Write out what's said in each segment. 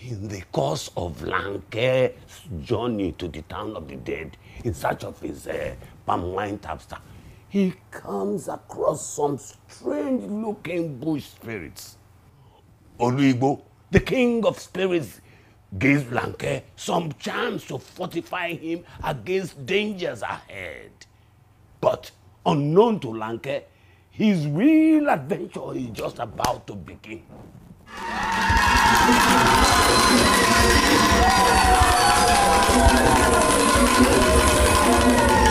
In the course of Lanke's journey to the town of the dead in search of his uh, palm wine tapster, he comes across some strange looking bush spirits. Oluigbo, the king of spirits, gives Lanke some chance to fortify him against dangers ahead. But unknown to Lanke, his real adventure is just about to begin. Thank you.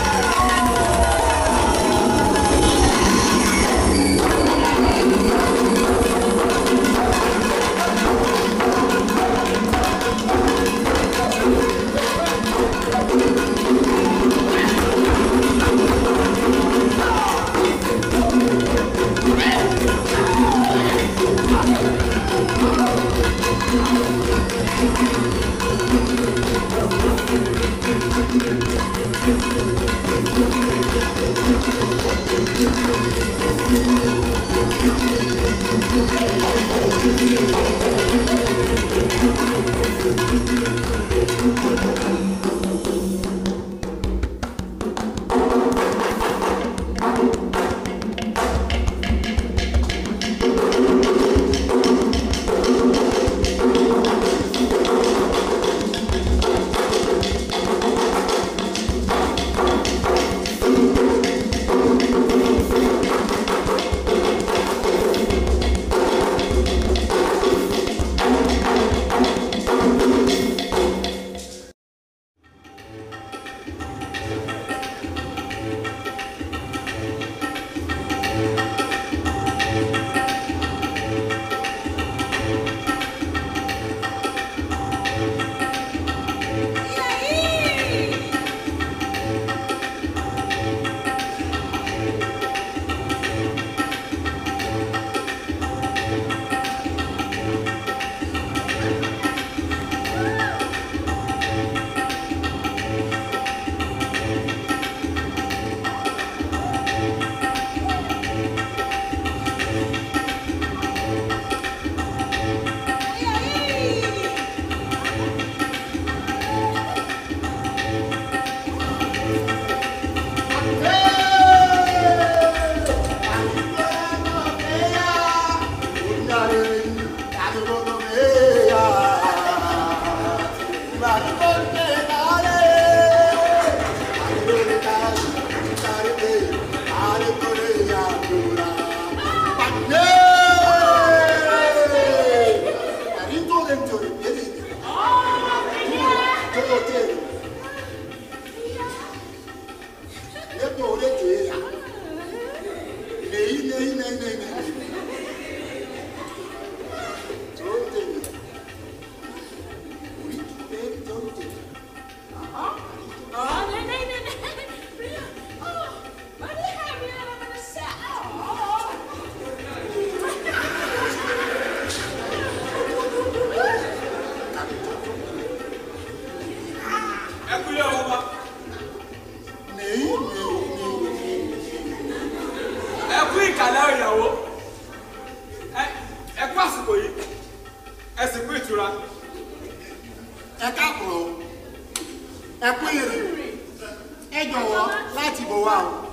má ti bò wá o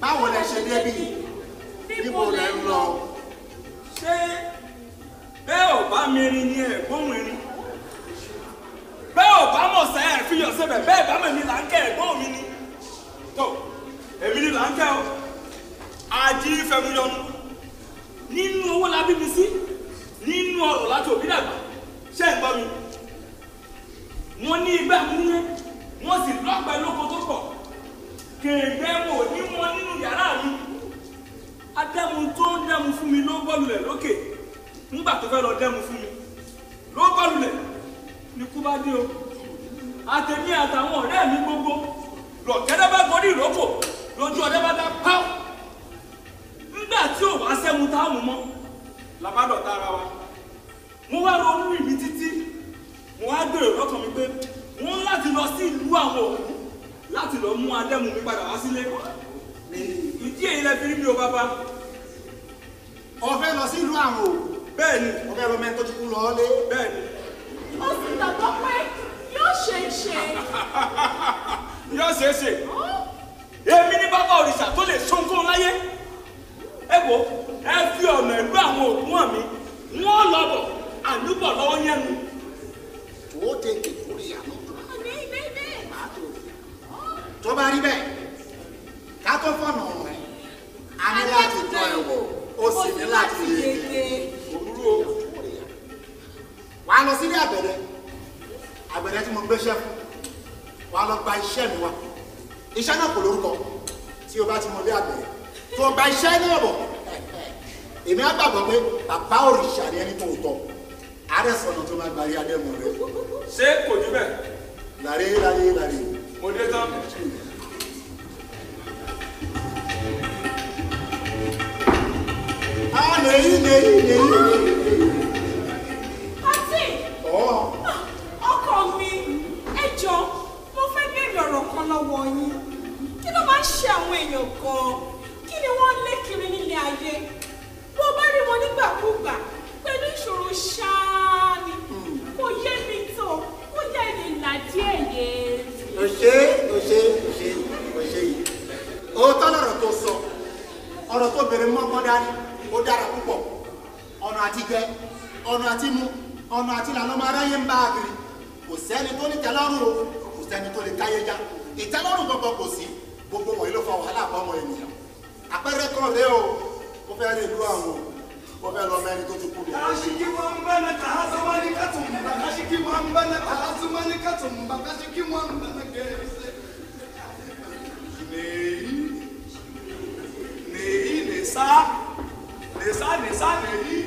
báwo lẹ ṣe débí níbo lẹ ń lọ. ṣé bẹ́ẹ̀ ò bá mi rin ni ẹ̀ gbóhùn irin bẹ́ẹ̀ ò bá mọ̀ sẹ́ ẹ̀ fiyàn síbẹ̀ bẹ́ẹ̀ bá mi ní láńkẹ́ ẹ̀ gbóhùn mi ni tó èmi ní láńkẹ́ o ají fẹmúyọnu nínú owó la bí mi sí nínú ọ̀rọ̀ láti òbí dàgbà ṣé ń gbọ́ mi wọ́n ní igbá múlẹ̀ wọ́n sì lọ́pẹ́ lóko tó pọ̀ kèèmé wò ní wọn nínú yàrá mi adẹ́mu tó ń dẹ́mu fún mi ló bọ́lulẹ̀ lókè ńgbà tó fẹ́ lọ dẹ́mu fún mi ló bọ́lulẹ̀ ní kú bá dé o àtẹ̀mí àtàwọn ọ̀rẹ́ mi gbogbo lọ̀kẹ́dẹ́ bá gorí ìrókò lójú ọdẹ bá dá páù nígbà tí ò wá sẹ́mu táwọn mọ́ làbádọ̀ta ara wa mo wá ronú ìbí títí mo wá gbèrò lọ́kàn mi pé wọ́n láti lọ sí ìlú àwọn òkú láti lọ mú adẹ́mu mi padà wá sílé ìdí èyí lẹ fi rí mi o bàbá. ọ̀fẹ́ lọ sí ìlú àwọn o. bẹ́ẹ̀ni. ọ̀fẹ́ lọ mẹ́tọ́ ti lọ ọ́ lé. bẹ́ẹ̀ni. ó sì gbàgbọ́ pé yóò ṣe é ṣe. yóò ṣe é ṣe. èmi ní bàbá òrìṣà tó lè ṣohunkóhun láyé. ẹ wo ẹ fi ọ̀nà ìlú àwọn òkú hàn wọ́n lọ bọ̀ àdúgbò lọ́wọ́ yẹn nu. ó tètè tó bá rí bẹ́ẹ̀ ká tó fọ̀nà ọ̀rọ̀ ẹ̀ a ní láti tọ́ ẹ̀ wò ó sì ní láti yege òwúrò wà á lọ sílé àgbẹ̀dẹ àgbẹ̀dẹ tí mo gbéṣẹ́ fún wà á lọ gba iṣẹ́ mi wá iṣẹ́ náà kò lórúkọ tí o bá ti mọ ilé àgbẹ̀dẹ tó o gba iṣẹ́ náà bọ̀ èmi á gbàgbọ́ pé bàbá òrìṣà ni ẹni tó tọ́ àárẹ̀ sọ̀nà tó máa gbarí adé mọ̀ rẹ̀. ṣé kò jù bẹ́ẹ̀. làrí làrí làrí. Ah, nee, nee, nee. nèyí ọ̀rọ̀ tó bèrè mọ́ ọgbọ́n dání ó dára púpọ̀ ọ̀nà àti jẹ ọ̀nà àti mu ọ̀nà àti lànà ọmọ aráyé ń bá a kiri kò sẹ́ni tó lè tẹ́lọ́rùn o kò sẹ́ni tó lè káyé já ìtẹ́lọ́rùn gbọ́gbọ́ kò sí gbogbo wọ̀nyí ló fa wàhálà àbọ̀mọ̀ ènìyàn àpẹẹrẹ kan lé o ó fẹ́ rí ìlú àwọn ó fẹ́ lọ mẹ́rin tó ti kú lọ. kàṣíkí wọn ń bẹ́ẹ̀ kàásùmọ́ ní kàtùmbà kàṣíkí wọn ń bẹ́ẹ̀ kàásùmọ́ ní kàtùmbà kàṣíkí wọn ń bẹ́ẹ̀ gẹ̀ẹ́sì. Yes, I did. Yes, I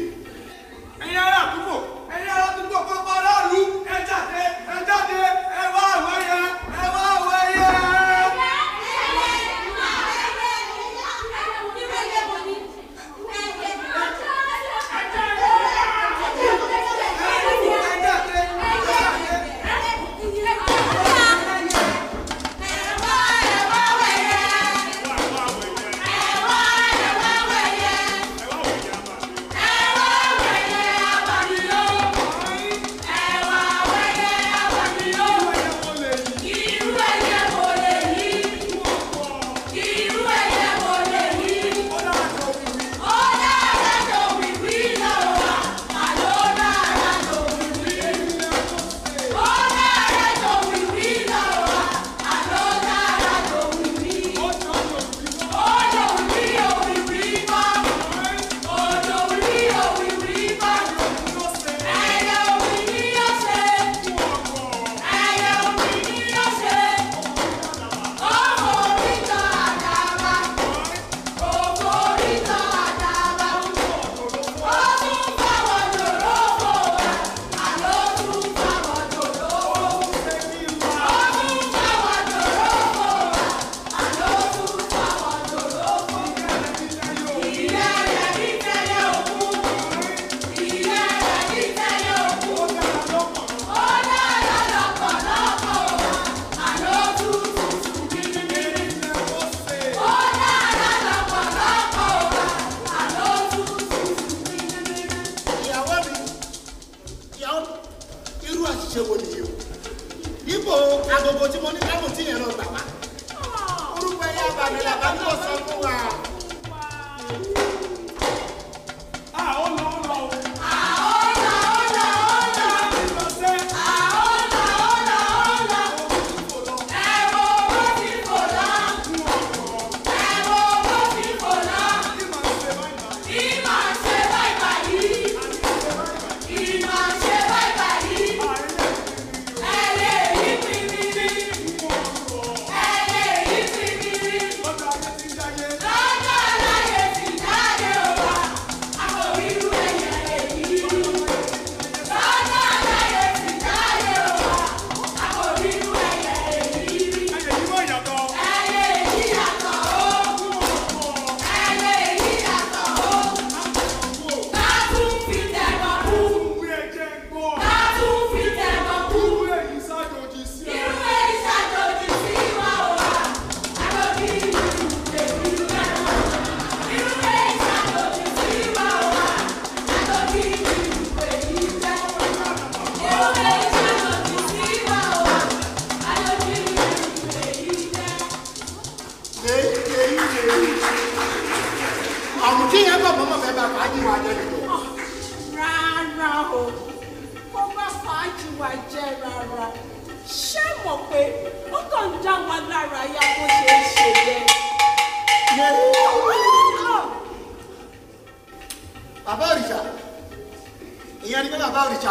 过三步啊！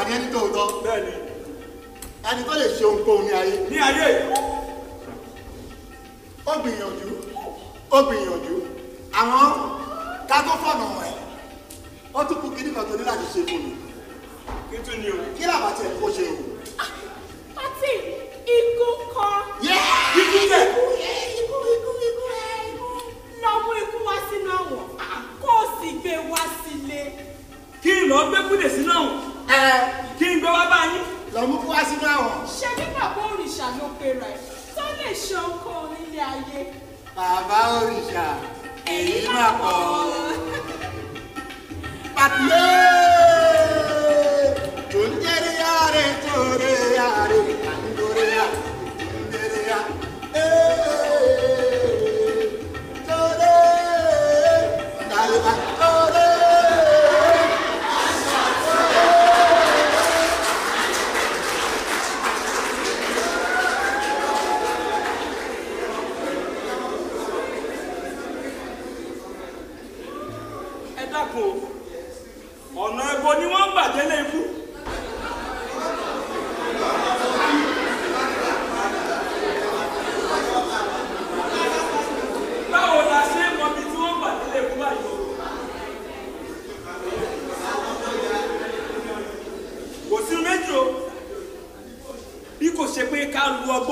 ìkà ni ẹni tó tọ́ ẹni tó lè ṣe ohunkóhun ní ayé. ní ayé. ó gbìyànjú ó gbìyànjú àwọn ká tó fọ̀nà ẹ̀ ó tún kú kíní kan tó ní láti ṣe fún mi. kí tún ni o. kí làbàtì ẹ̀ kó ṣe o.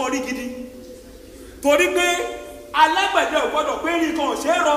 orí gidi torí pé alágbẹ̀dẹ ò gbọ́dọ̀ pé nǹkan ò ṣeé rọ